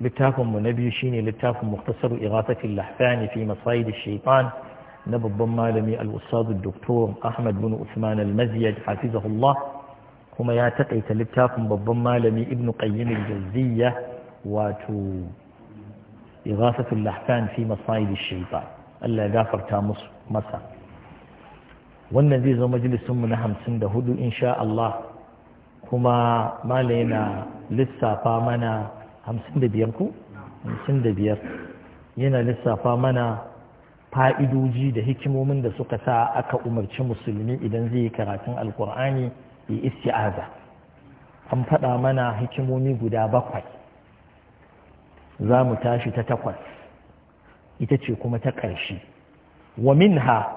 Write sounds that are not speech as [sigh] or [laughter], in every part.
littafin mu na biyu shine littafin muktasaru irasatil lahfani fi masaid shaitan na babban malami al-ustad doktor ahmad bin usman al-maziyad hafizahullah kuma ya takaita littafin babban malami ibnu qayyim al-jawziyya wato irasatul lahfan fi masaid shaitan Allah ya gafarta musu masa wannan zai zama majalisun mu na 54 insha Allah kuma malai na lissafa mana hamsin da biyar ku hamsin da biyar yana lissafa mana fa'idoji da hikimomin da suka sa aka umarci musulmi idan zai yi karatun alkur'ani yi isti'aza an faɗa mana hikimomi guda bakwai za mu tashi ta takwas ita ce kuma ta ƙarshe wa minha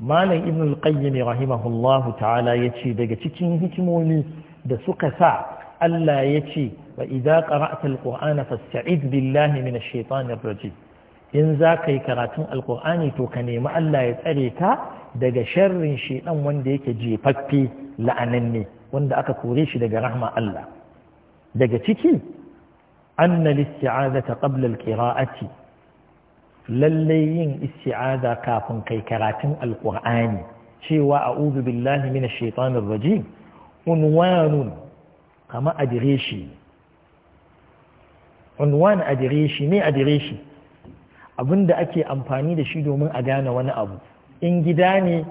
malam ibn al-qayyim rahimahullahu ta'ala yace daga cikin hikimomi da suka sa Allah ya ce wa idza qara'ta alqur'ana fasta'id billahi minash shaitanir rajim in za ka yi karatun alqur'ani to ka nemi Allah ya tsare ka daga sharrin shaitan wanda yake jefaffe la'ananne wanda aka kore shi daga rahma Allah daga ciki anna listi'azata qabla alqira'ati lalle yin isti'aza kafin kai karatun alqur'ani cewa a'udhu billahi minash shaitanir rajim unwanun kama adireshi unwan adireshi ne adireshi abinda ake amfani da shi domin a gane wani abu in gida ne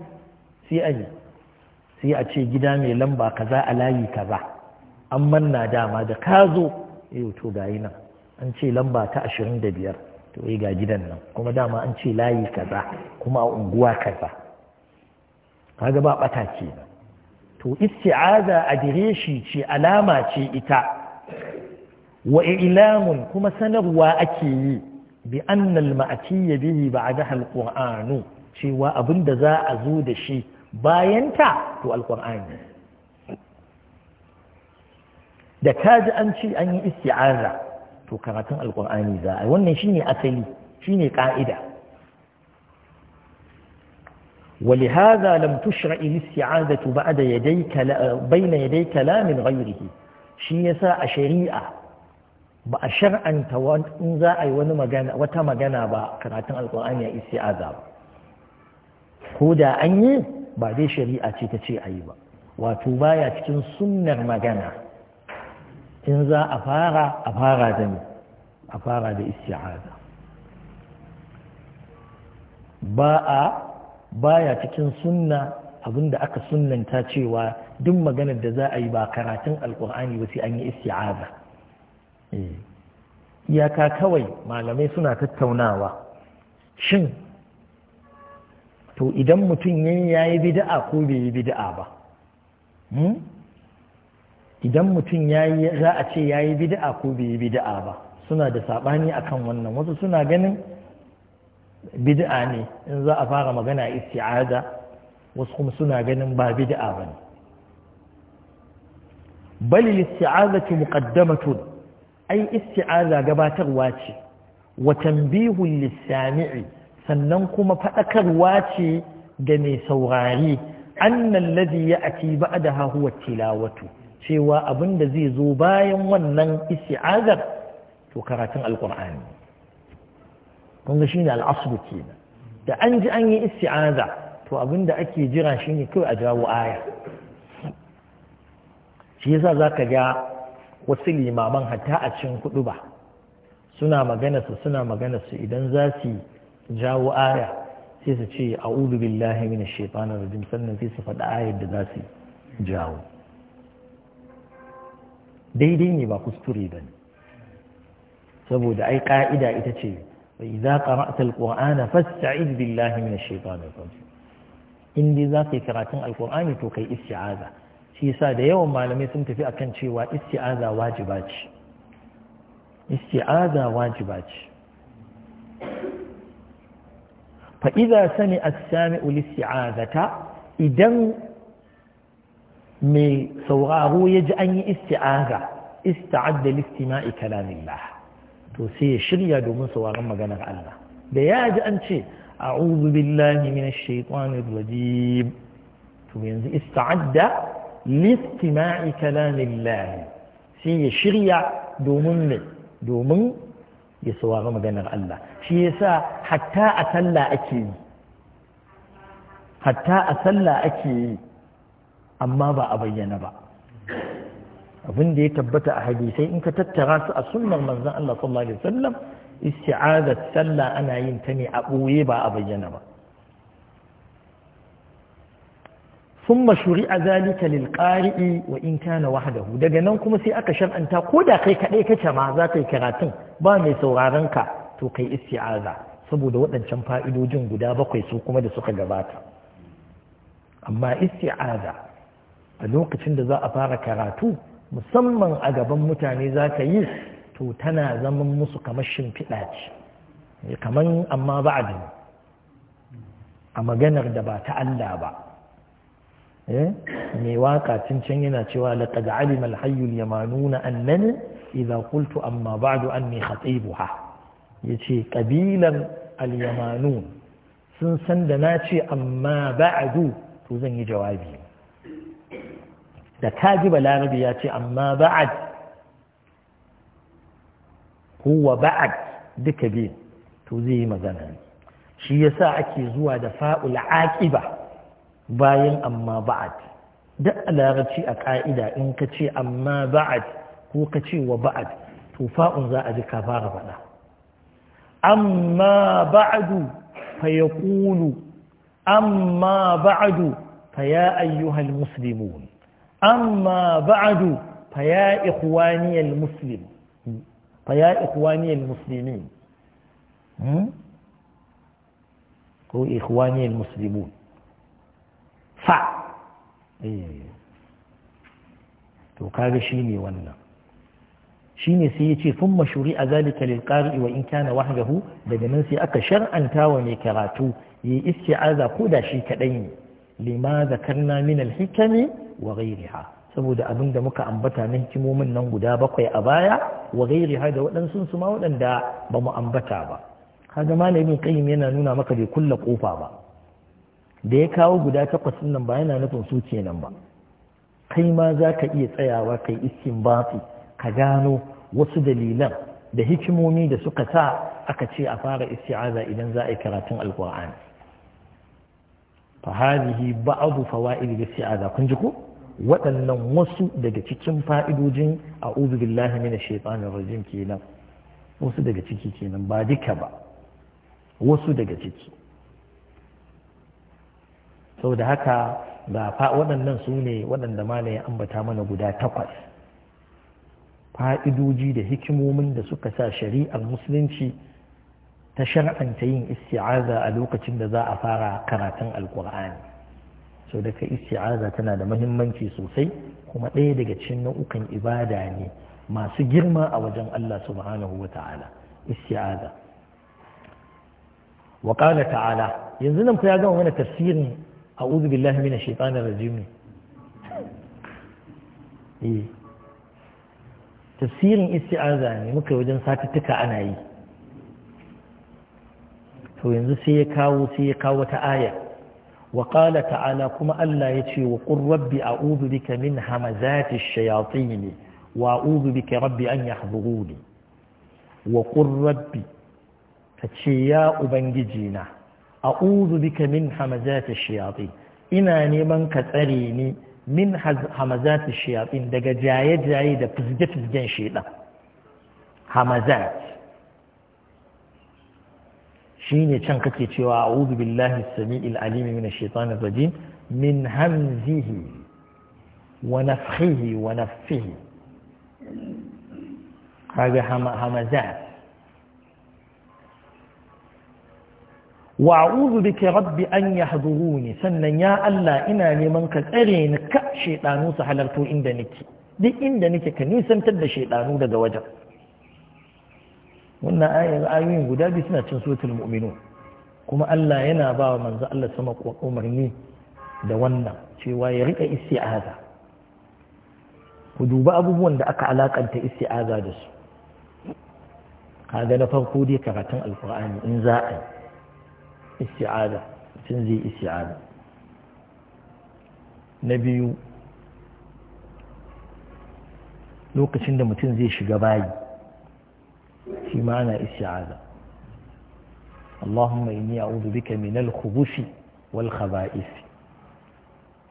sai a ce gida mai lamba kaza a layi kaza an manna dama da kazo. zo yau eh to gayi nan an ce lamba ta ashirin da biyar to yi eh ga gidan nan kuma dama an ce layi kaza kuma a unguwa kaza kaga ba ɓata kenan to isti'aza a direshi ce alama ce ita wa ilamun kuma sanarwa ake yi bi annal ma'atiyya bihi ba'da alqur'anu cewa abinda za a zo da shi bayan ta to alqur'ani da kaji an ce an yi isti'aza to karatun alqur'ani za a wannan shine asali shine ka'ida ولهذا لم تشرع الاستعاذة بعد يدي بين يدي كلام غيره shi yasa a shari'a ba a shar'anta in za a yi wani magana wata magana ba karatun alkur'ani ya isti'aza ba ko da an yi ba dai shari'a ce ta ce a yi ba wato baya cikin sunnar magana in za a fara a fara da ne a fara da ba a baya cikin sunna abin da aka sunnanta cewa duk maganar da za a yi ba karatun alkur'ani ba sai an yi isti'aza eh. iyaka kawai malamai suna tattaunawa shin to idan mutum ya yi bid'a ko bai yi bid'a ba hmm? idan mutum za a ce ya yi bid'a ko bai yi bid'a ba suna da saɓani akan wannan wasu suna ganin bid'a ne in za a fara magana isti'aza wasu kuma suna ganin ba bid'a ba ne bal isti'azatu muqaddamatun ai isti'aza gabatarwa ce wa bihun lisami'i sannan kuma fadakarwa ce ga mai saurari annan ladhi ya'ti ba'daha huwa tilawatu cewa abinda zai zo bayan wannan isti'azar to karatun alqur'ani shi shi shine al'asru ke da an ji an yi isti'aza to abinda ake jira shine kawai a jawo aya shi yasa ka ga wasu limaman hatta a cin kudu ba suna magana su suna magana su idan za su jawo aya sai su ce a'udhu billahi minash da rajim sannan sai su faɗi ayar da za su jawo daidai ne ba kuskure ba ne saboda ai ka'ida ita ce فإذا قرأت القرآن فاستعذ بالله من الشيطان الرجيم in dai za ka yi karatun alkur'ani to kai isti'aza shi yasa da yawan malamai sun tafi a kan cewa isti'aza wajiba ce isti'aza wajiba ce fa idza sami as-sami'u listi'azata idan mai sauraro ya ji an yi isti'aza ista'adda listima'i kalamillah to sai ya shirya domin sauraron maganar Allah da ya ji an ce a'udhu billahi minash shaitanir rajim to yanzu ista'adda listima'i kalamillah sai ya shirya domin ne domin ya saurari maganar Allah shi yasa hatta a sallah ake yi hatta a sallah ake yi amma ba a bayyana ba abin da ya tabbata a hadisai in ka tattara su a sunnar manzon Allah sallallahu alaihi wasallam isti'azat sallah ana yin ta ne a ɓoye ba a bayyana ba ثم شرع ذلك للقارئ وإن كان وحده daga nan kuma sai aka shar'anta ko da kai kadai kace ma za ka yi karatun ba mai sauraron ka to kai isti'aza saboda waɗancan fa'idojin guda bakwai su kuma da suka gabata amma isti'aza a lokacin da za a fara karatu musamman a gaban mutane za ka yi to tana zaman musu kamar fiɗa ce eh, kamar amma ba a maganar da ba ta Allah ba eh, mai waka can yana cewa laqad alima alhayyul yamanuna annani idza qultu amma ba'du anni khatibuha yace ƙabilar alyamanun sun san da na ce amma ba'du to zan yi jawabi da ka ji ya ce amma ba'ad huwa ba'ad duka biyu to zai yi magana ne shi yasa ake zuwa da fa'ul aqiba bayan amma ba'ad duk larabci a ka'ida in ka ce amma ba'ad ko ka ce wa ba'ad to fa'un za a ji ka fara faɗa amma ba'adu fa yaqulu amma ba'adu fa ya ayyuhal muslimun أما بعد فيا إخواني المسلم فيا إخواني المسلمين هو إخواني المسلمون ف to kaga shine wannan shine sai yace thumma shuri'a zalika lilqari wa in kana wahdahu daga nan sai aka shar'anta wa mai karatu yi isti'aza ko da shi kadai ne lima zakarna min alhikami wa saboda abin da muka ambata na hikimomin nan guda bakwai a baya wa da waɗansu su ma waɗanda ba mu ambata ba kaga malamin qayyim yana nuna maka bai kulla kofa ba da ya kawo guda takwas nan ba yana nufin su kenan ba kai ma za ka iya tsayawa kai batsi ka gano wasu dalilan da hikimomi da suka sa aka ce a fara isti'aza idan za a yi karatun alkur'ani فهذه بعض a الاستعاذة كنجكو waɗannan wasu daga cikin fa'idojin a billahi mina shaitanin rajim kenan wasu daga ciki kenan ba duka ba wasu daga ciki sau da haka ga waɗannan su ne waɗanda ma ya ambata mana guda takwas fa'idoji da hikimomin da suka sa shari'ar musulunci ta shar'anta yin isti'aza a lokacin da za a fara karatun alkur'ani so daga isti'aza tana da mahimmanci sosai kuma ɗaya daga cikin nau'ukan ibada ne masu girma a wajen Allah subhanahu wa ta'ala isti'aza wa qala ta'ala yanzu nan ku ya gama mana tafsirin a'udhu billahi minash shaitanir rajim eh tafsirin isti'aza ne muka wajen satuttuka ana yi to yanzu sai ya kawo sai ya kawo ta aya wa qala ta'ala kuma Allah ya ce wa qur rabbi a'udhu bika min hamazati ash-shayatin wa a'udhu bika rabbi an yahduruni wa qur rabbi ka ce ya ubangiji na a'udhu bika min hamazati ash-shayatin ina neman ka tsare ni min hamazati ash-shayatin daga jaye-jaye da fizge-fizgen shedan hamazati shine can kake cewa a'udhu billahi as-sami'il alim min ash-shaytanir rajim min hamzihi wa nafthihi wa nafthihi kaga hamazat wa'uzu bika rabbi an yahduruni sannan ya Allah ina neman ka tsare ni ka shedanu su halartu inda nake duk inda nake ka nisantar da shedanu daga wajen wannan ayoyin guda biyu suna cin sotul muminu kuma Allah yana ba wa manzo Allah sama umarni da wannan cewa ya rika isti'aza ku duba abubuwan da aka alakanta isti'aza da su kaga na farko dai karatun alkur'ani in za a isti'aza mutum zai isti'aza na biyu lokacin da mutum zai shiga bayi في معنى استعاذة اللهم إني أعوذ بك من الخبث والخبائث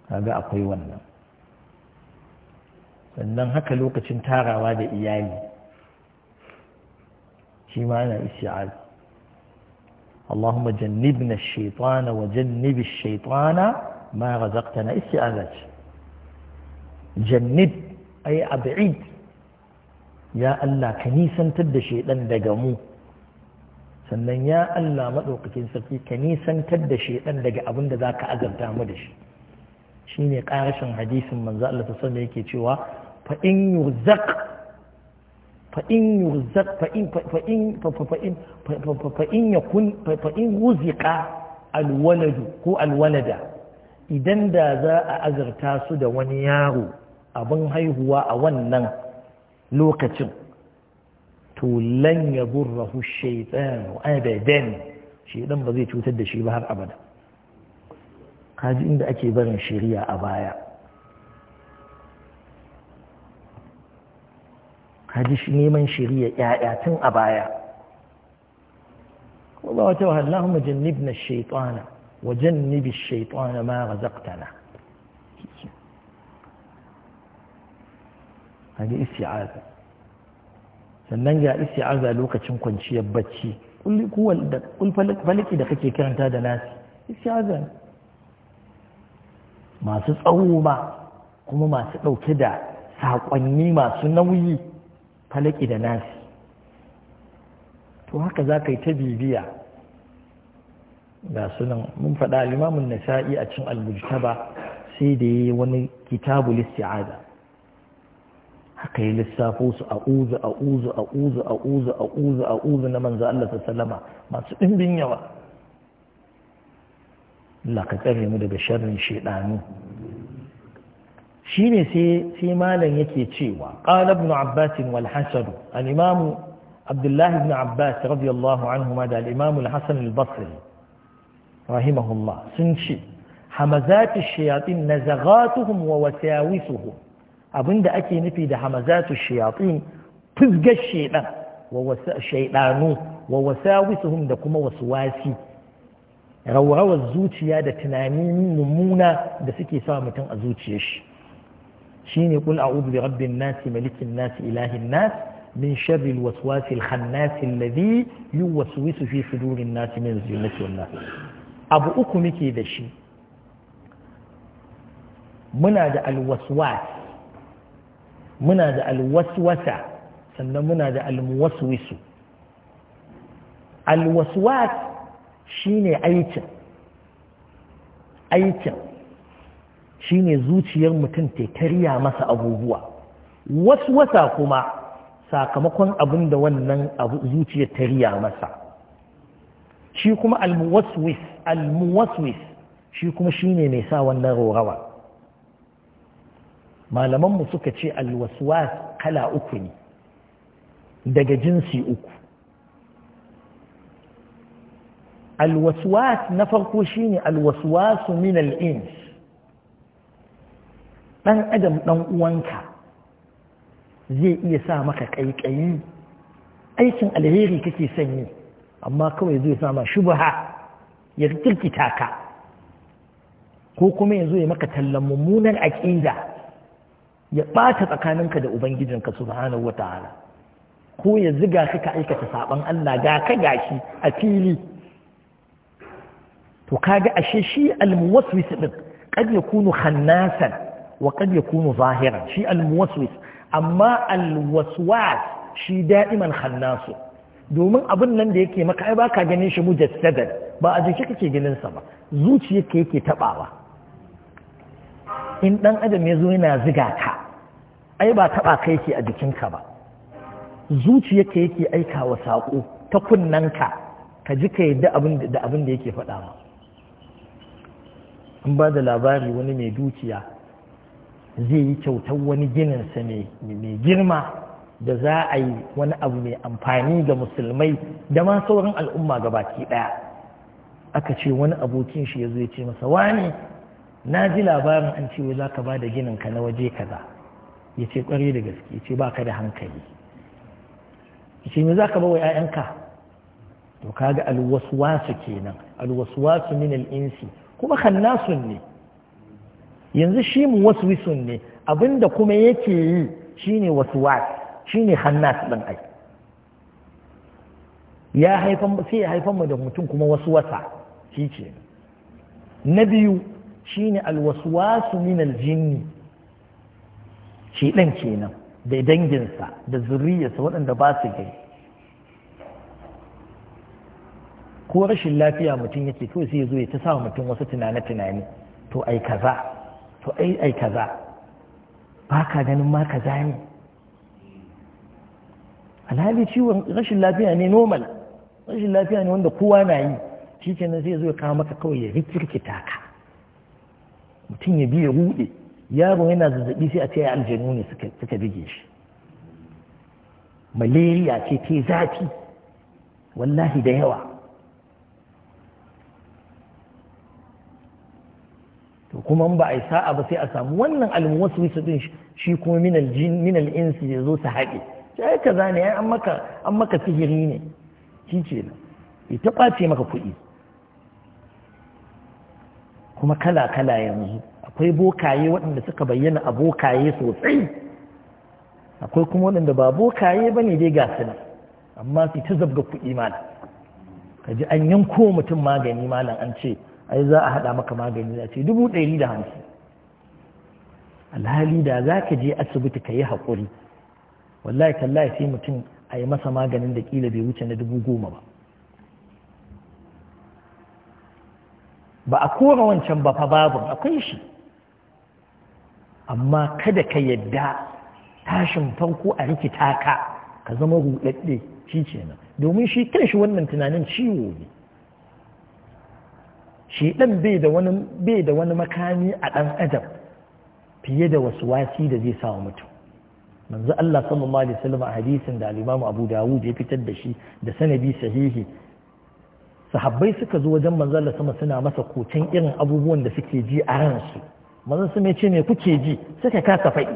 هذا أقوي ونا فإنهم هكا لوكا تنتارا وادا إياي في معنى استعاذة اللهم جنبنا الشيطان وجنب الشيطان ما رزقتنا استعاذات جنب أي أبعيد ya Allah ka nisantar da shaidan daga mu sannan ya Allah maɗaukakin sarki ka nisantar da shaidan daga abin da za ka azabta mu da shi shine ƙarashin hadisin manzo Allah ta sanda yake cewa fa in yurzaq fa in yurzaq yakun alwaladu ko alwalada idan da za a azurta su da wani yaro abin haihuwa a wannan لوقت تولن يضره الشيطان ابدا شيطان ما زي توتد شي بهر ابدا كاجي عند اكي برن شريعه ابايا كاجي شي نيمن شريعه يايا تن ابايا والله تو اللهم جنبنا الشيطان وجنب الشيطان ما رزقتنا kaga isti'aza sannan ga isti'aza lokacin kwanciyar bacci kul falaki da kake karanta da nasi isti'aza masu tsawo ba kuma masu ɗauke da saƙonni masu nauyi falaki da nasi to haka za ka yi ta bibiya ga sunan mun faɗa limamin nasa'i a cin almujtaba sai da yi wani kitabul isti'aza aka yi lissafo su a uzu a uzu a uzu a uzu a uzu a uzu na manzo Allah sallama masu ɗimbin yawa Allah ka tsare mu daga sharrin shaidanu shine sai sai malam yake cewa qala ibn abbas wal hasan al imam abdullah ibn abbas radiyallahu anhuma da al imam al hasan al basri rahimahullah sun ce hamazat ash-shayatin nazagatuhum wa wasawisuhum abinda ake nufi da hamazatu shayatin fizgar shaidan shaidanu wa wasawisuhum da kuma wasi, rawrawar zuciya da tunani mummuna da suke sa mutum a zuciyar shi shine kul a'udhu bi rabbin nas malikin nas ilahin nas min sharri alwaswas alkhannas alladhi yuwaswisu fi sudurin nas min zinati wan abu uku muke da shi muna da alwaswas muna da alwaswasa sannan muna da almuwaswisu alwaswas shine aikin shi shine zuciyar mutum ta karya masa abubuwa waswasa kuma sakamakon abin da wannan zuciyar ta masa shi kuma almuwaswis almuwaswis shi kuma shine mai sa wannan rorawa malamanmu suka ce alwaswas kala uku ne daga jinsi uku alwaswas na farko shine alwaswasu min al'ins ɗan adam ɗan uwanka zai iya sa maka ƙaiƙayi aikin alheri kake sanyi amma kawai zai sa ma shubha ya kirkita ka ko kuma ya zo ya maka tallan mummunar aƙida ya ɓata tsakaninka da ubangijinka subhanahu wata'ala ko ya ziga ka ka aikata saɓon Allah ga ka gashi a fili to kaga ashe shi almuwaswis din kad kunu hannasan wa kad kunu zahiran shi almuwaswis amma alwaswas shi da'iman hannasu domin abin nan da yake maka ai baka ganin shi mujassadan ba a jiki kake ganin sa ba zuciyarka yake tabawa in dan adam ya zo yana ziga ka ai ba taɓa kai ke a jikinka ba zuciyarka yake aika wa saƙo ta kunnanka ka ji ka yadda da abin da yake faɗa ma an ba da labari wani mai dukiya zai yi kyautar wani gininsa mai girma da za a yi wani abu mai amfani ga musulmai da ma sauran al'umma ga baki ɗaya aka ce wani abokin shi ya zo ya ce masa wani na ji labarin an ce za ka ba da ginin ka na waje kaza ya ce kwarai da gaske ce ba ka da hankali ce me za ka bawa 'ya'yanka to kaga alwaswasu kenan alwaswasu min al'insi kuma khannasun ne yanzu shi mu waswisun ne abinda kuma yake yi shine waswas shine khannas ɗin ai ya haifan sai ya haifan mu da mutum kuma waswasa shi ce na biyu shine alwaswasu min jini. shi ɗan kenan da danginsa da zuriyarsa waɗanda ba su gani ko rashin lafiya mutum yake to sai ya zo ya ta sa mutum wasu tunane-tunane to ai kaza to ai ai kaza ba ka ganin ma kaza ne alhali ciwon rashin lafiya ne normal rashin lafiya ne wanda kowa na yi shi kenan sai ya zo ya kawo maka kawai ya rikirkita ka mutum ya bi ya rude. yaro yana zazzabi sai a ce aljanu ne suka bige shi malaria ce ta zafi wallahi da yawa to kuma ba a yi sa'a ba sai a samu wannan su din shi kuma minal insi ya zo su haɗe sai kaza zane an maka an maka sihiri ne shi ce na ita ɓace maka kuɗi kuma kala kala yanzu akwai bokaye waɗanda suka bayyana a bokaye sosai akwai kuma waɗanda ba bokaye ba ne dai ga su nan amma su ta zabga kuɗi malam ka ji an yanko mutum magani malam an ce ai za a haɗa maka magani za ce dubu ɗari da hamsin alhali da za ka je asibiti ka yi haƙuri wallahi ka sai mutum a yi masa maganin da ƙila bai wuce na dubu goma ba ba a kora wancan ba fa babu akwai shi amma kada ka yadda tashin farko a rikita ka ka zama ruɗaɗɗe shi kenan domin shi kanshi wannan tunanin ciwo ne shi ɗan bai da wani bai da wani makami a ɗan adam fiye da wasu wasi da zai samu mutum manzo Allah sallallahu alaihi wasallam a hadisin da al-Imam Abu Dawud ya fitar da shi da sanadi sahihi sahabbai suka zo wajen manzo Allah sama suna masa kocin irin abubuwan da suke ji a ransu manzon su mai ce me kuke ji suka kasa faɗi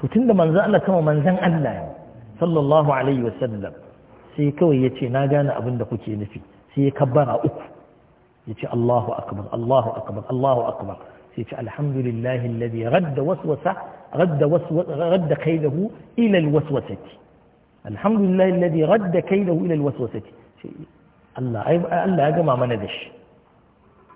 to tunda manzon Allah kama manzon Allah sallallahu alaihi wasallam sai kawai yace na gane abin da kuke nufi sai ya kabbara uku ya ce Allahu akbar Allahu akbar Allahu akbar sai ya ce alhamdulillahi alladhi radda waswasa radda waswasa radda kaidahu ila alwaswasati alhamdulillahi alladhi radda kaidahu ila alwaswasati Allah ya gama mana da shi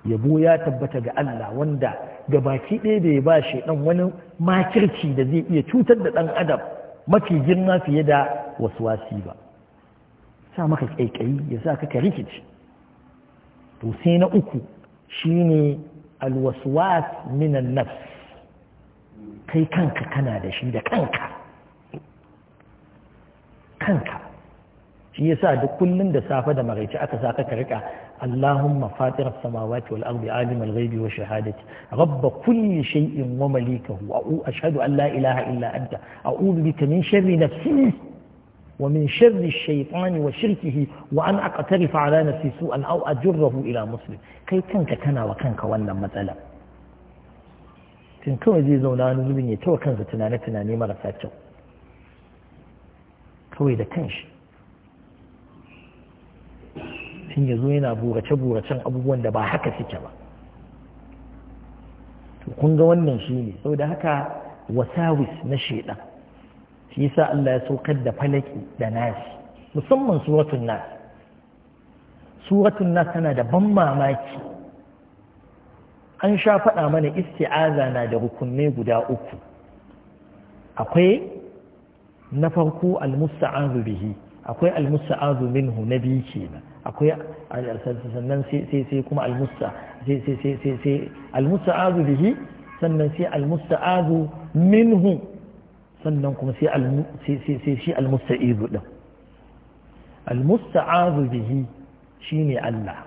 yabo ya tabbata ga Allah wanda ga baki ɗaya bai ba shi ɗan wani makirci da zai iya cutar da ɗan adam mafi girma fiye da wasu wasi ba sa maka ƙaiƙayi ya sa ka rikici to sai na uku shine alwaswas minan nafs kai kanka kana da shi da kanka kanka shi yasa duk kullun da safe da maraice aka saka ka rika Allahumma fatir as-samawati wal ardi alim al-ghaibi wa shahadati rabb kulli shay'in wa malikahu wa ashhadu an la ilaha illa anta a'udhu bika min sharri nafsi wa min sharri ash-shaytani wa shirkihi wa an aqtarifa ala nafsi su'an aw ajurruhu ila muslim kai kanka kana wa kanka wannan matsala tun kawai zai zauna wani zubin ya tawa kansa tunane-tunane marasa kyau kawai da kanshi mutum ya zo yana burace-buracen abubuwan da ba haka suke ba kun ga wannan shi ne sau da haka wasawis na shaidan shi sa Allah ya saukar da falaki da nasi musamman suratun nas suratun nas tana da ban mamaki an sha faɗa mana isti'aza na da rukunai guda uku akwai na farko al an bihi akwai azu minhu na biyu kenan akwai sannan sai sai kuma almusta sai sai sai sai sai azu bihi sannan sai azu minhu sannan kuma sai sai sai shi izu din azu bihi shine Allah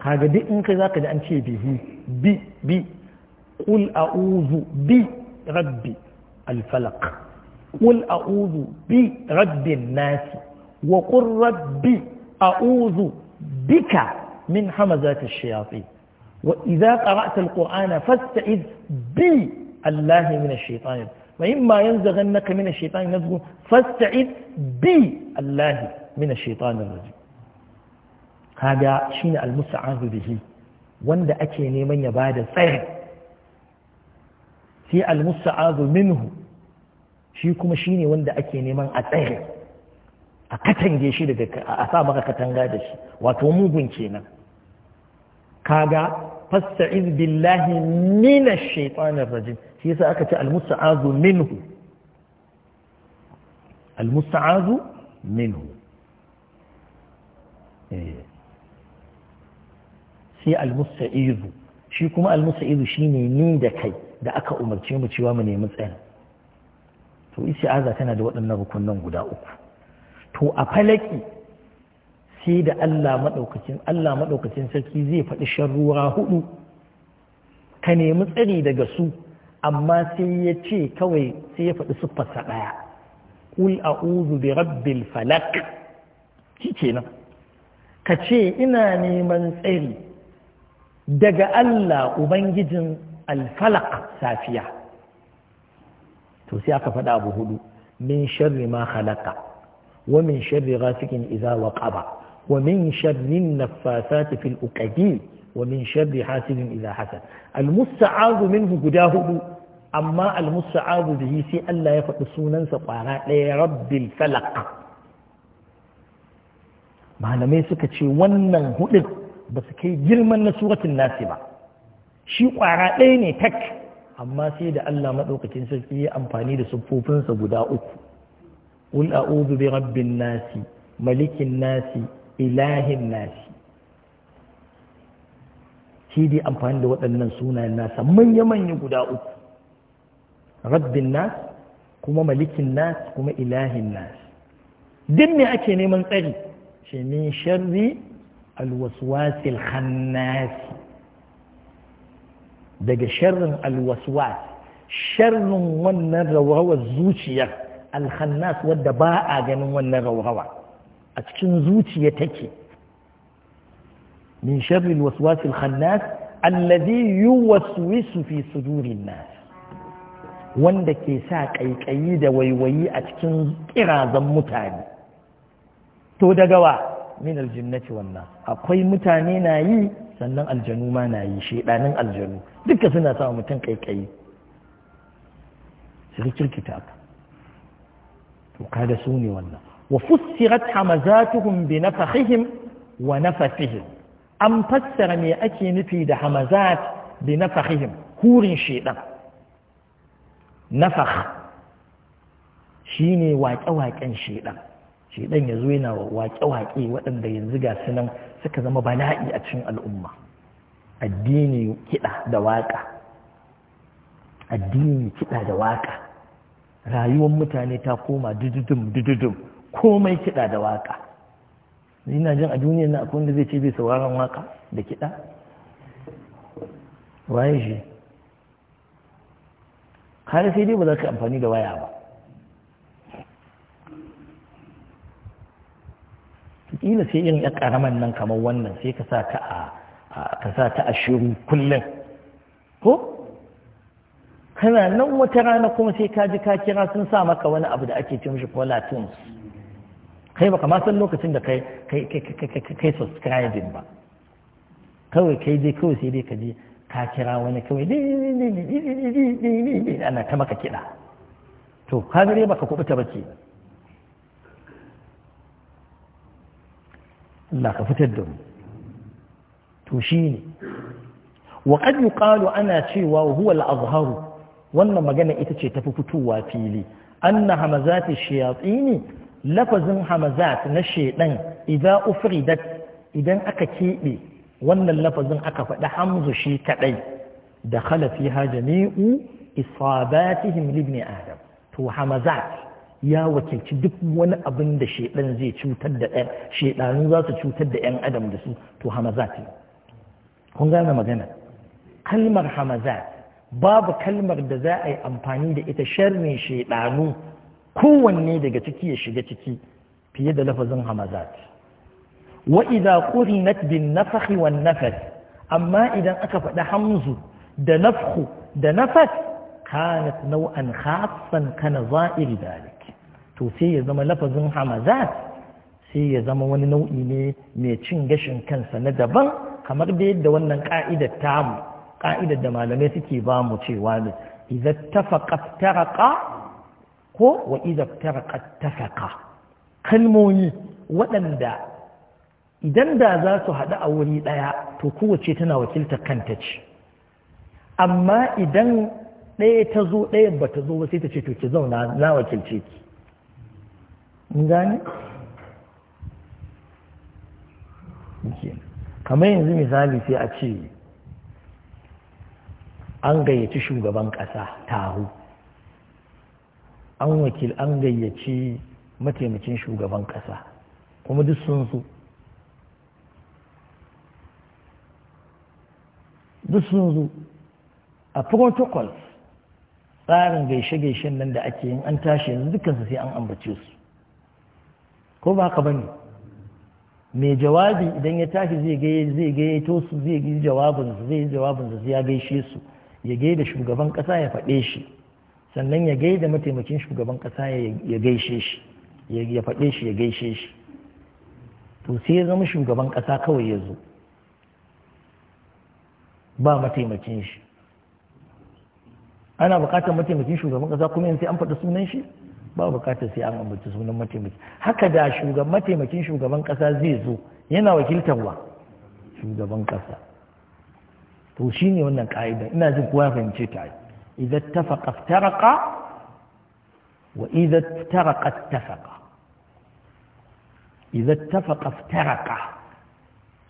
kaga duk in kai zaka ji an ce bihi bi bi qul a'udhu bi rabbi al-falaq qul a'udhu bi rabbin nas وقل ربي أعوذ بك من حمزات الشياطين وإذا قرأت القرآن فاستعذ بالله من الشيطان وإما ينزغنك من الشيطان نزغ فاستعذ بالله من الشيطان الرجيم هذا شين المستعاذ به وند أكيني من يباد bada في المستعاذ منه شيكم شيني وند أكيني من ake a katange shi daga a sa maka katanga da shi wato mugun kenan kaga fasta'iz billahi min ash-shaytanir rajim shi yasa aka ce al-musta'azu minhu al-musta'azu minhu eh. sai al-musta'izu shi kuma al-musta'izu shine ni da kai da aka umarce mu cewa mu nemi tsani to isti'aza tana da waɗannan rukunin guda uku to a falaki sai da Allah maɗaukacin Allah maɗaukacin sarki zai faɗi sharruwa hudu ka nemi tsari daga su amma sai ya ce kawai sai ya faɗi siffarsa ɗaya ƙul a'udhu bi rabbil falak shi kenan ka ce ina neman tsari daga Allah ubangijin alfalak safiya to sai aka faɗa abu hudu min sharri ma khalaqa ومن شر غاسق إذا وقب ومن شر النفاثات في الأكد ومن شر حاسد إذا حسد المستعاذ منه قداه أما المستعاذ به سي ألا يفق سونا سقارا لرب الفلق ما لم يسك شي ونن هدد بس كي جرما نسورة الناس با شي قارا ليني تك أما سيد ألا مدوك تنسل إيه أمفاني لسفوفنس قداه أكو قل أعوذ برب الناس ملك الناس إله الناس سيدي أم فهند وطن الناس من يمن يقول أعوذ رب الناس كما ملك الناس كما إله الناس دمي أكيني من تري من شر الوسواس الخناس دقى شر الوسواس شر من روى الزوشيه alhannas wadda ba a ganin wannan rauhawa a cikin zuciya take min sharri waswasil alhannas alladhi yuwaswisu fi sudurin nas wanda ke sa kaikayi da waiwayi a cikin kirazan mutane to daga wa min aljinnati wannan akwai mutane na yi sannan aljanu ma na yi shedanin aljanu duka suna sa mutum kaikayi su kirkita to da su ne wannan wa fussirat hamazatuhum bi nafakhihim wa nafathihim an fassara me ake nufi da hamazat bi nafakhihim hurin shedan nafakh shine waƙe-waƙen shedan shedan yazo yana waƙe-waƙe waɗanda yanzu ga sunan suka zama bala'i a cikin al'umma addini kiɗa da waƙa addini kiɗa da waƙa rayuwar mutane ta koma dududum dududum komai kiɗa da waka ina jin a duniyar na akwai wanda zai ce bai sauraron waka da kiɗa waye shi kare sai dai ba za ka amfani da waya ba kila sai irin 'yan karaman nan kamar wannan sai ka sa ta a shiru kullum ko kana nan wata rana kuma sai ka ji ka kira sun sa maka wani abu da ake cin shi colatons kai baka ma san lokacin da kai kai kai kai kai subscribing ba kawai kai dai kawai sai dai ka je ka kira wani kawai ana ta maka kiɗa to ka dai baka kubuta bace Allah ka fitar da mu to shine wa qad yuqalu ana cewa huwa al-azharu wannan magana ita ce tafi fitowa fili anna hamazati shayatini lafazin hamazat na shedan idza ufridat idan aka kebe wannan lafazin aka faɗi hamzu shi kadai da khala fiha jami'u isabatihim libni adam to hamazat ya wakilci duk wani abin da shedan zai cutar da ɗan shedanu za su cutar da ƴan adam da su to hamazat kun gane magana kalmar hamazat babu kalmar da za a yi amfani da ita sharrin shaiɗanu, kowanne daga ciki ya shiga ciki fiye da lafazin hamazat wa idza qurinat bin nafakh wan nafath amma idan aka faɗi hamzu da nafkhu da nafas kanat nau'an khassan kana za'ir dalik to sai ya zama lafazin hamazat sai ya zama wani nau'i ne mai cin gashin kansa na daban kamar da yadda wannan ka'idar tamu ka'idar da malamai suke ba mu cewa ne idza tafaka taraka ko wa idza taraka tafaqa kalmomi waɗanda idan da za su haɗu a wuri ɗaya to kowace tana wakiltar kanta ce amma idan ɗaya ta zo ɗaya ba ta zo ba sai ta ce to ki zauna na wakilce ki mun gane kamar yanzu misali sai a ce an gayyaci shugaban ƙasa taho an wakil an gayyaci mataimakin shugaban ƙasa kuma duk sun duk sun zo a protocols tsarin gaishe-gaishen nan da ake yin an tashi yanzu dukansu sai an ambace su ko ba haka bane mai jawabi idan ya tashi zai gayyato su zai yi jawabinsu zai yi jawabinsu zai ya gaishe su ya gaida shugaban ƙasa ya faɗe shi sannan ya gaida mataimakin shugaban ƙasa ya gaishe shi ya faɗe shi ya gaishe shi to sai ya zama shugaban ƙasa kawai ya zo ba mataimakin shi ana buƙatar mataimakin shugaban ƙasa kuma yin sai an faɗi sunan shi ba buƙatar sai an ambaci sunan mataimakin haka da shugaban mataimakin shugaban ƙasa zai zo yana wakiltarwa shugaban ƙasa to shi ne wannan ka'ida ina jin kowa fahimce ta yi. idza ittafaqa iftaraqa wa idza iftaraqa ittafaqa idza ittafaqa iftaraqa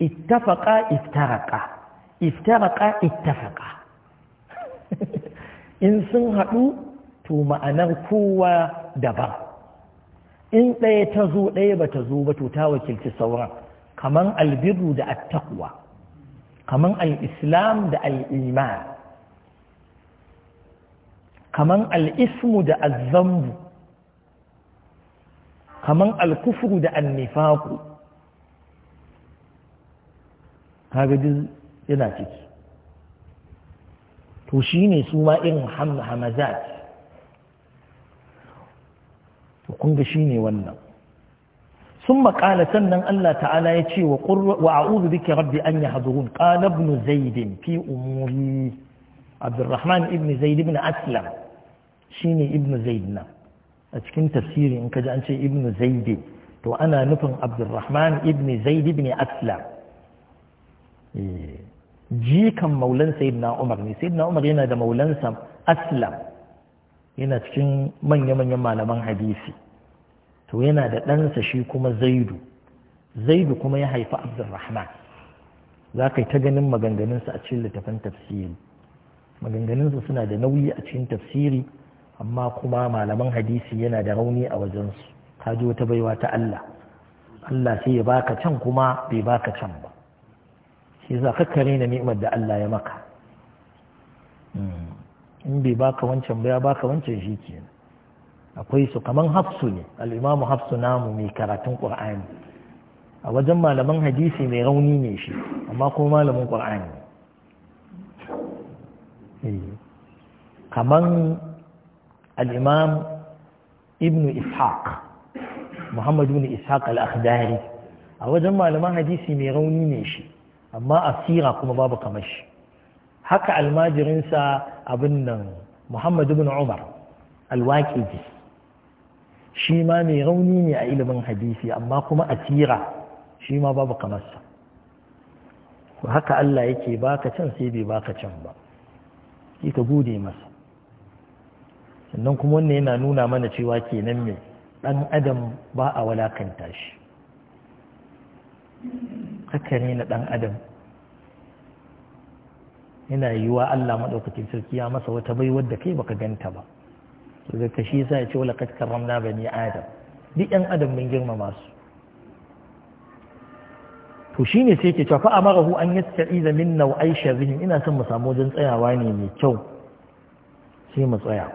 ittafaqa iftaraqa iftaraqa ittafaqa [laughs] in sun haɗu to ma'anar kowa daban in ɗaya ta zo ɗaya ba ta zo ba to ta wakilci sauran kamar albiru da attaqwa kaman al-islam da al-iman kaman al-ismu da alzambu zambu kaman al da al-nifaku kaga duk yana ciki to shi ne su ma irin hamazat to kun ga shi ne wannan sun makala sannan Allah ta'ala ya ce wa a'udhu bika rabbi an hadurun qala ibn zaid fi umuri abdurrahman ibn zaid ibn aslam shine ibn zaid na a cikin tafsiri in kaji an ce ibn zaid to ana nufin abdurrahman ibn zaid ibn aslam jikan maulan sayyidina umar ne sayyidina umar yana da maulansa aslam yana cikin manya-manyan malaman hadisi to yana da ɗansa shi kuma zaidu zaidu kuma ya haifi abdurrahman za ka yi ta ganin maganganunsa a cikin littafin tafsiri maganganunsa suna da nauyi a cikin tafsiri amma kuma malaman hadisi yana da rauni a wajensu ka ji wata baiwa ta Allah Allah sai ya baka can kuma bai baka can ba shi za ka kare na ni'imar da Allah ya maka hmm. in bai baka wancan ba ya baka wancan shi kenan akwai su kaman hafsu ne al'imamu hafsu namu mai karatun ƙur'ani a wajen malaman hadisi mai rauni ne shi amma kuma malamin ƙur'ani eh. kaman al'imam ibn ishaq muhammad ibn ishaq al-akhdari a wajen malaman hadisi mai rauni ne shi amma asira kuma babu kamar shi haka almajirinsa abin nan muhammad ibn umar alwaƙi shi ma mai rauni ne a ilimin hadisi amma kuma a tira shi ma babu kamarsa haka Allah yake baka can sai bai baka can ba sai ka gode masa sannan kuma wannan yana nuna mana cewa kenan mai ɗan adam ba a walakanta shi haka ne na ɗan adam yana yiwa Allah maɗaukacin sarki ya masa wata bai wadda kai baka ganta ba to da kashi yasa ya ce wala kad karramna bani adam duk yan adam mun girmama su to shine sai yake cewa fa marahu an da min nau'ai sharrihim ina son mu samu wajen tsayawa ne mai kyau sai mu tsaya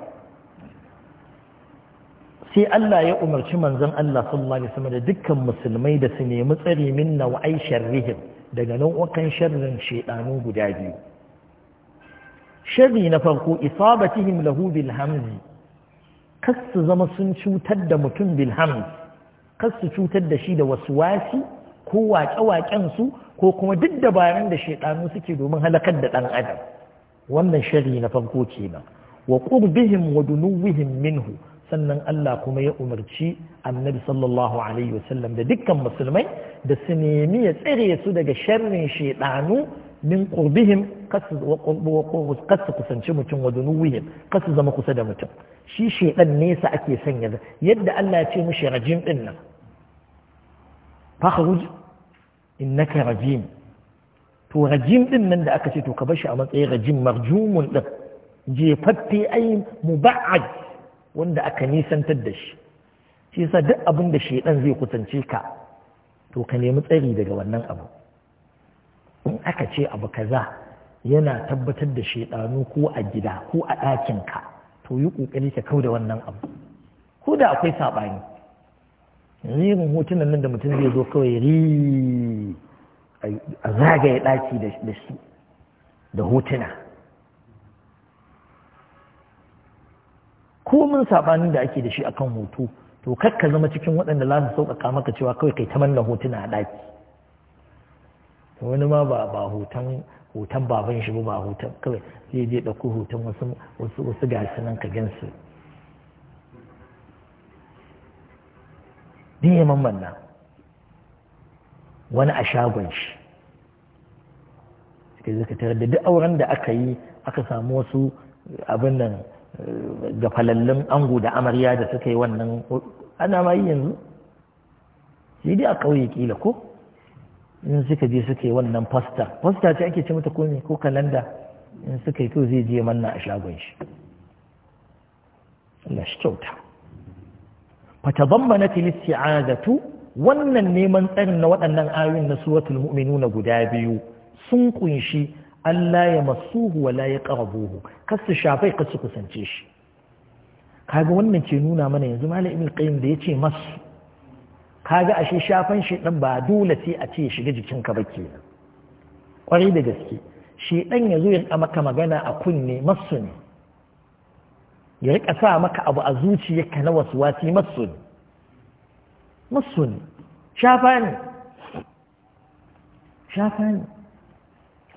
sai Allah ya umarci manzon Allah sallallahu alaihi wasallam da dukkan musulmai da su nemi tsari min nau'ai sharrihin, daga nau'ukan sharrin shedanu guda biyu sharri na farko isabatihim lahu bil hamzi kas su zama sun cutar da mutum bilham kas su cutar da shi da wasi ko waƙe-waƙen su ko kuma duk dabarun da shaidanu suke domin halakar da ɗan adam wannan shari na farko kenan wa qurbihim wa dunuwihim minhu sannan Allah kuma ya umarci annabi sallallahu alaihi wasallam da dukkan musulmai da su nemi ya tsire su daga sharrin shaidanu min qurbihim kas su kusanci mutum wa dunuwihim kas su zama kusa da mutum shi shaiɗan nesa ake sanya yadda Allah ya ce mushi rajim ɗin nan fakhruj innaka rajim to rajim ɗin nan da aka ce to ka bashi a matsayin rajim marjumun ɗin. jefaffe ai muba'ad wanda aka nisantar da shi shi yasa duk abin da shaiɗan zai kusance ka to ka nemi tsari daga wannan abu in aka ce abu kaza yana tabbatar da shaidanu ko a gida ko a ɗakinka to yi ƙoƙari ka kau da wannan abu ko da akwai saɓani yanzu yin hotunan nan da mutum zai zo kawai ri a zagaye ɗaki da shi da hotuna komin saɓanin da ake da shi akan hoto to ka zama cikin waɗanda za su sauƙaƙa maka cewa kawai kai ta manna hotuna a ɗaki wani ma ba hoton hoton baban shi ba hoton kawai zai je ɗauko hoton wasu wasu wasu gasu nan ka gansu duk wani a shagon shi suka zaka tare da duk auren da aka yi aka samu wasu abin nan eh, ga falallin ango da amarya da suka yi wannan ana ma yi yanzu sai dai a ƙauye kila ko in suka je suka yi wannan fasta fasta ce ake ce mata kome ko kalanda in suka yi to zai je manna a shagon shi Allah shi kyauta na tilisti istiazatu wannan neman tsarin na waɗannan ayoyin na suratul mu'minuna guda biyu sun kunshi Allah ya masuhu wa ya qarabuhu kasu shafai kasu kusance shi kaga wannan ke nuna mana yanzu Malamin qayyim da yace masu kaga ashe shafan shi ɗin ba dole sai a ce shiga jikinka ba ke nan. kwarai da gaske shi ɗan ya zo ya maka magana a kunne masu ne ya riƙa sa maka abu a zuciyarka na wasi masu ne masu ne shafa ne shafa ne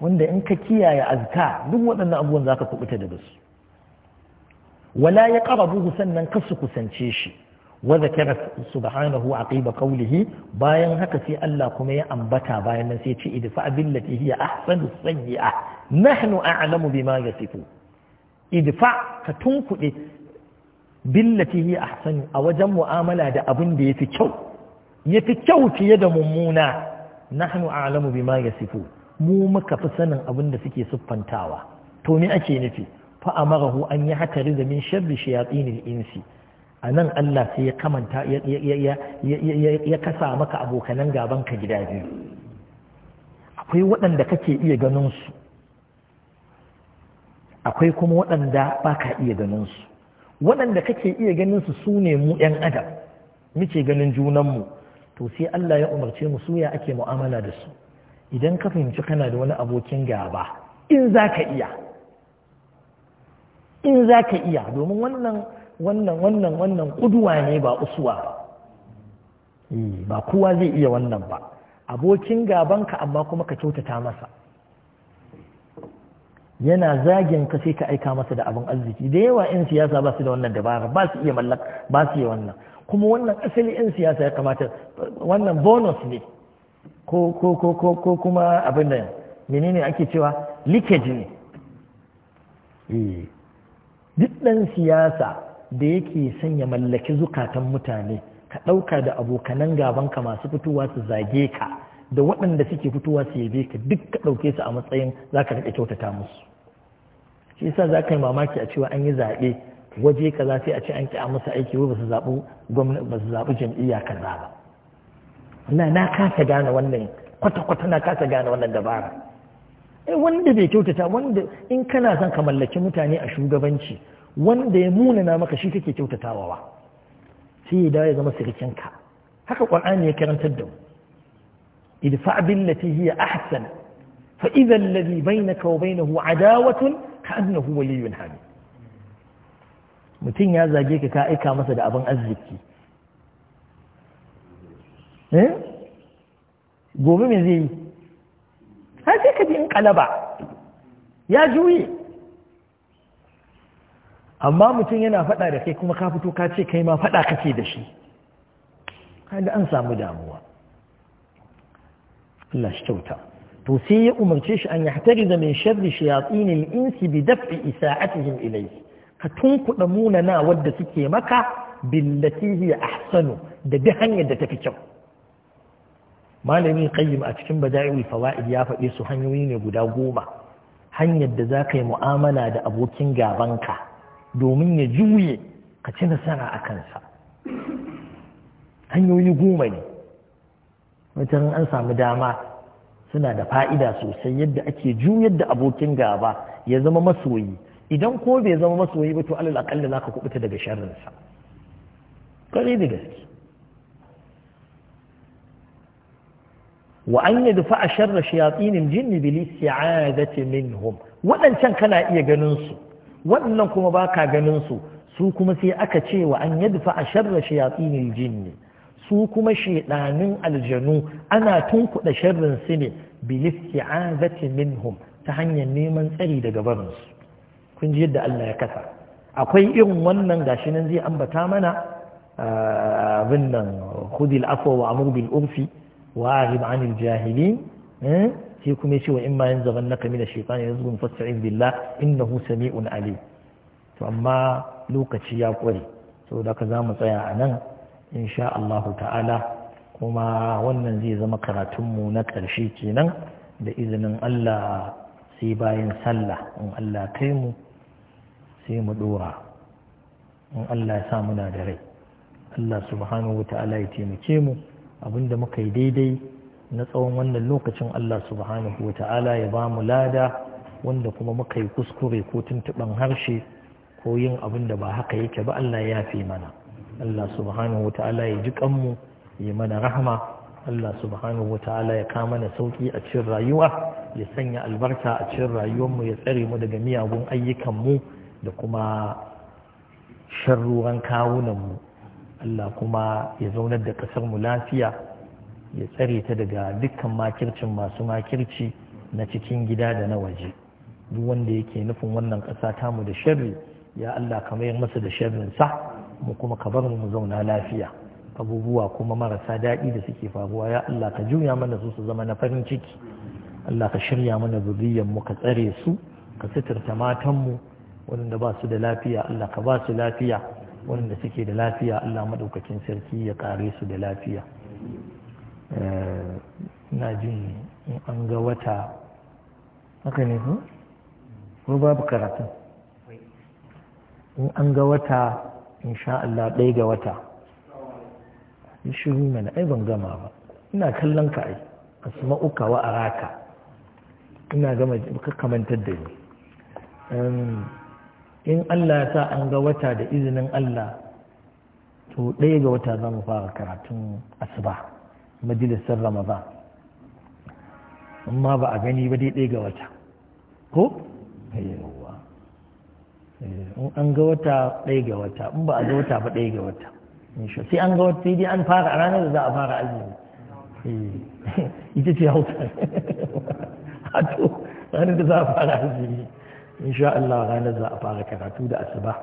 wanda in ka kiyaye azka duk waɗannan abubuwan za ka kuɓuta da su wala ya ƙara buhu sannan su kusance shi وذكر سبحانه عقيب قوله باين هكا في الله كما ينبتا باين نسيتي ادفع بالتي هي احسن السيئه نحن اعلم بما يصفون ادفع كتنكدي بالتي هي احسن او وجن معامله da abin da yafi kyau yafi kyau fiye da mummuna nahnu a'lamu bima yasifu mu muka fi sanin abin da suke siffantawa to me ake nufi fa amarahu an yi hatari da min sharri yatsinin insi a nan Allah sai ya kamanta ya kasa maka abokanan gabanka gida biyu akwai waɗanda kake iya ganin su akwai kuma waɗanda ba ka iya ganin su waɗanda kake iya ganin su su ne mu 'yan adam muke ganin junanmu to sai Allah ya umarce mu suya ake mu'amala da su idan ka fahimci kana da wani abokin gaba in za ka iya in za ka iya domin wannan wannan wannan wannan kuduwa ne ba usuwa eh, ba kowa zai iya wannan ba abokin gabanka amma kuma ka kyautata masa yana zagin ka sai ka aika masa da abin arziki da yawa 'yan siyasa ba su da wannan dabara ba su iya mallaka ba su iya wannan kuma wannan asali 'yan siyasa ya kamata wannan bonus ne ko ko ko ko ko kuma abin da menene ake cewa leakage ne eh, duk ɗan siyasa da yake son ya mallaki zukatan mutane ka ɗauka da abokanan gabanka masu fitowa su zage ka da waɗanda suke fitowa su yabe ka duk ka ɗauke su a matsayin za ka riƙa kyautata musu shi yasa za ka yi mamaki a cewa an yi zaɓe waje ka za a ce an ƙi a masa aiki ba su zaɓi gwamnati ba su zaɓi jam'iyya za ba na na kasa gane wannan kwata-kwata na kasa gane wannan dabara eh wanda bai kyautata wanda in kana son ka mallaki mutane a shugabanci wanda ya munana maka shi kake kyautatawa wa sai ya dawo ya zama sirikinka haka qur'ani ya karantar da mu idfa billati hiya ahsan fa idha alladhi bainaka wa bainahu adawatun ka'annahu waliyyun hamid mutum ya zage ka ka aika masa da abin arziki eh? gobe me zai yi har sai ka in kalaba ya juye amma mutum yana faɗa da kai kuma ka fito ka ce kai ma faɗa kake da shi Kada an samu damuwa Allah shi kyauta to sai ya umarce shi an yahtari da min sharri shayatinil insi bi daf'i isa'atihim ilayhi ka tunkuɗa munana wadda suke maka billati hiya ahsanu da bi hanyar da tafi kyau malamin qayyim a cikin bada'iul fawaid ya faɗe su hanyoyi ne guda goma hanyar da za yi mu'amala da abokin gabanka domin ya juye ka ci nasara a kansa hanyoyi goma ne wajen an samu dama suna da fa'ida sosai yadda ake juyar da abokin gaba ya zama masoyi idan ko bai zama masoyi ba to alal aƙalla za ka kubuta daga sharrinsa kare da gaske wa yi dufa a sharra jin jinni bilis ya minhum waɗancan kana iya ganin su waɗannan kuma ba ka ganin su su kuma sai aka ce wa an fa a sharra shayatinil jinni su kuma shaidanin aljanu ana tunkuɗa sharrin su ne bilisti'azati minhum ta hanyar neman tsari daga barinsu kun ji yadda Allah ya kasa akwai irin wannan gashi nan zai ambata mana eh, abin nan khudil afwa wa amur bil urfi wa arib anil jahilin eh? sai kuma yace wa in ma yanzaban naka min ash-shaytani billa fasta'in billah innahu sami'un ali to amma lokaci ya kware saboda ka za mu tsaya a nan insha Allah ta'ala kuma wannan zai zama karatunmu na ƙarshe kenan da izinin Allah sai bayan sallah in Allah kai mu sai mu ɗora in Allah ya sa muna da rai Allah subhanahu wa ta'ala ya taimake mu abinda muka yi daidai na tsawon wannan lokacin Allah subhanahu ta'ala ya ba mu lada wanda kuma muka yi kuskure ko tuntuɓan harshe ko yin abin da ba haka yake ba Allah ya fi mana Allah subhanahu ta'ala ya ji kanmu ya mana rahama Allah subhanahu wa ta'ala ya kama na sauki a cikin rayuwa ya sanya albarka a cikin rayuwarmu ya tsare mu daga miyagun ayyukanmu da kuma sharruwan kawunanmu Allah kuma ya zaunar da ƙasarmu lafiya ya tsare ta daga dukkan makircin masu makirci na cikin gida da na waje duk wanda yake nufin wannan ƙasa tamu da sharri ya Allah ka mayar masa da sharrin sa mu kuma ka bar mu zauna lafiya abubuwa kuma marasa daɗi da suke faruwa ya Allah ka juya mana su su zama na farin ciki Allah ka shirya mana zuriyar mu ka tsare su ka suturta matan mu waɗanda ba su da lafiya Allah ka ba su lafiya waɗanda suke da lafiya Allah madaukakin sarki ya kare su da lafiya Eh, na jin in an ga wata haka ne ko babu karatu in an ga wata insha Allah ɗaya ga wata ya shiru mana ai ban gama ba ina kallon ka ai uka wa araka ina gama ka kamantar da ni in Allah ya sa an ga wata da izinin Allah to ɗaya ga wata za mu fara karatun asuba majalisar ramadan amma ba a gani ba daidai ga wata ko? yawa eh, in an ga wata ɗaya ga wata in ba a ga wata ba ɗaya ga wata sai an ga wata sai dai an fara a ranar da za a fara azumi eh, [laughs] ita ce hausa hato [laughs] ranar da za a fara azumi insha Allah ranar za a fara karatu da asuba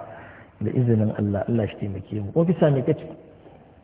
da izinin Allah Allah shi taimake mu ofisa ne kace